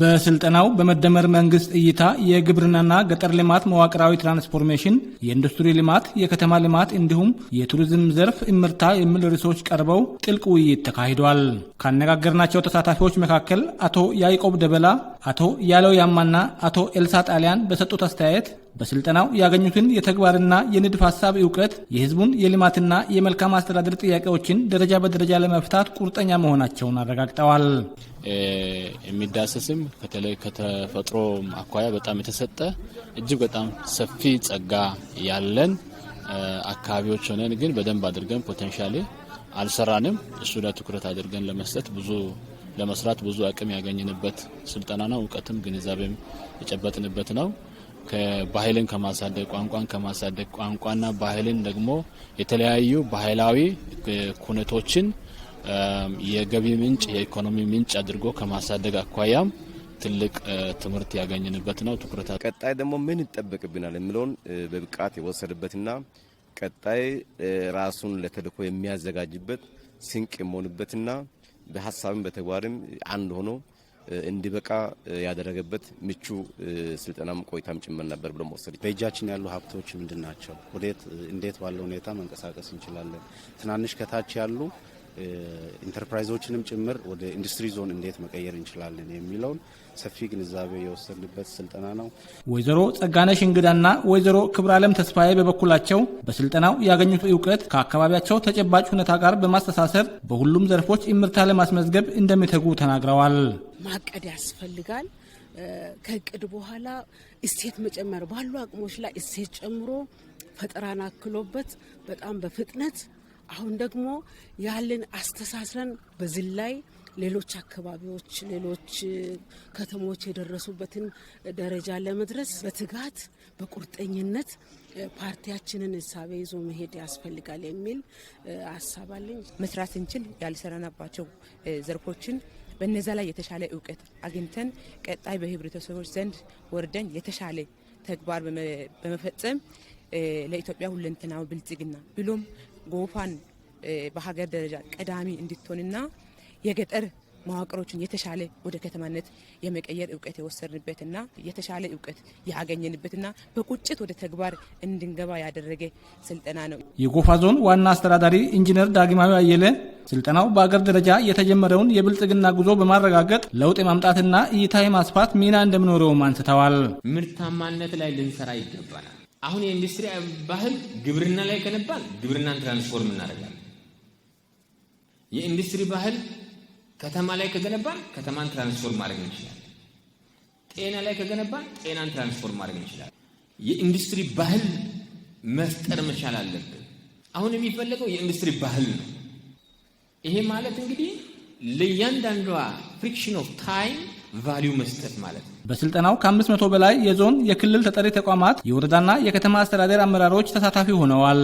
በስልጠናው በመደመር መንግስት እይታ የግብርናና ገጠር ልማት መዋቅራዊ ትራንስፎርሜሽን፣ የኢንዱስትሪ ልማት፣ የከተማ ልማት እንዲሁም የቱሪዝም ዘርፍ እምርታ የሚል ርዕሶች ቀርበው ጥልቅ ውይይት ተካሂዷል። ካነጋገርናቸው ተሳታፊዎች መካከል አቶ ያይቆብ ደበላ፣ አቶ ያለው ያማና አቶ ኤልሳ ጣሊያን በሰጡት አስተያየት በስልጠናው ያገኙትን የተግባርና የንድፍ ሀሳብ እውቀት የህዝቡን የልማትና የመልካም አስተዳደር ጥያቄዎችን ደረጃ በደረጃ ለመፍታት ቁርጠኛ መሆናቸውን አረጋግጠዋል። የሚዳሰስም ከተለይ ከተፈጥሮ አኳያ በጣም የተሰጠ እጅግ በጣም ሰፊ ጸጋ ያለን አካባቢዎች ሆነን ግን በደንብ አድርገን ፖቴንሻሌ አልሰራንም። እሱ ላይ ትኩረት አድርገን ለመስጠት ብዙ ለመስራት ብዙ አቅም ያገኝንበት ስልጠና ነው። እውቀትም ግንዛቤም የጨበጥንበት ነው። ባህልን ከማሳደግ ቋንቋን ከማሳደግ ቋንቋና ባህልን ደግሞ የተለያዩ ባህላዊ ኩነቶችን የገቢ ምንጭ የኢኮኖሚ ምንጭ አድርጎ ከማሳደግ አኳያም ትልቅ ትምህርት ያገኝንበት ነው። ትኩረታ ቀጣይ ደግሞ ምን ይጠበቅብናል የሚለውን በብቃት የወሰድበትና ቀጣይ ራሱን ለተልእኮ የሚያዘጋጅበት ስንቅ የመሆንበትና በሀሳብም በተግባርም አንድ ሆኖ እንዲበቃ ያደረገበት ምቹ ስልጠናም ቆይታም ጭምር ነበር ብሎ መወሰድ። በእጃችን ያሉ ሀብቶች ምንድን ናቸው? ወዴት እንዴት ባለ ሁኔታ መንቀሳቀስ እንችላለን? ትናንሽ ከታች ያሉ ኢንተርፕራይዞችንም ጭምር ወደ ኢንዱስትሪ ዞን እንዴት መቀየር እንችላለን የሚለውን ሰፊ ግንዛቤ የወሰድንበት ስልጠና ነው። ወይዘሮ ጸጋነሽ እንግዳና ወይዘሮ ክብረ ዓለም ተስፋዬ በበኩላቸው በስልጠናው ያገኙት እውቀት ከአካባቢያቸው ተጨባጭ ሁኔታ ጋር በማስተሳሰር በሁሉም ዘርፎች እምርታ ለማስመዝገብ እንደሚተጉ ተናግረዋል። ማቀድ ያስፈልጋል። ከእቅድ በኋላ እሴት መጨመር ባሉ አቅሞች ላይ እሴት ጨምሮ ፈጠራን አክሎበት በጣም በፍጥነት አሁን ደግሞ ያለን አስተሳስረን በዚህ ላይ ሌሎች አካባቢዎች ሌሎች ከተሞች የደረሱበትን ደረጃ ለመድረስ በትጋት በቁርጠኝነት ፓርቲያችንን እሳቤ ይዞ መሄድ ያስፈልጋል የሚል ሀሳብ አለኝ። መስራት እንችል ያልሰራናባቸው ዘርፎችን በነዛ ላይ የተሻለ እውቀት አግኝተን ቀጣይ በህብረተሰቦች ዘንድ ወርደን የተሻለ ተግባር በመፈጸም ለኢትዮጵያ ሁለንተናዊ ብልጽግና ብሎም ጎፋን በሀገር ደረጃ ቀዳሚ እንድትሆንና የገጠር መዋቅሮችን የተሻለ ወደ ከተማነት የመቀየር እውቀት የወሰድንበትና የተሻለ እውቀት ያገኘንበትና በቁጭት ወደ ተግባር እንድንገባ ያደረገ ስልጠና ነው። የጎፋ ዞን ዋና አስተዳዳሪ ኢንጂነር ዳግማዊ አየለ ስልጠናው በአገር ደረጃ የተጀመረውን የብልጽግና ጉዞ በማረጋገጥ ለውጥ የማምጣትና እይታ የማስፋት ሚና እንደሚኖረውም አንስተዋል። ምርታማነት ላይ ልንሰራ ይገባናል። አሁን የኢንዱስትሪ ባህል ግብርና ላይ ከነባል ግብርናን ትራንስፎርም እናደርጋለን። የኢንዱስትሪ ባህል ከተማ ላይ ከገነባን ከተማን ትራንስፎርም ማድረግ እንችላለን። ጤና ላይ ከገነባን ጤናን ትራንስፎርም ማድረግ እንችላለን። የኢንዱስትሪ ባህል መፍጠር መቻል አለብን። አሁን የሚፈለገው የኢንዱስትሪ ባህል ነው። ይሄ ማለት እንግዲህ ለእያንዳንዷ ፍሪክሽን ኦፍ ታይም ቫሊዩ መስጠት ማለት ነው። በስልጠናው ከአምስት መቶ በላይ የዞን የክልል ተጠሪ ተቋማት የወረዳና የከተማ አስተዳደር አመራሮች ተሳታፊ ሆነዋል።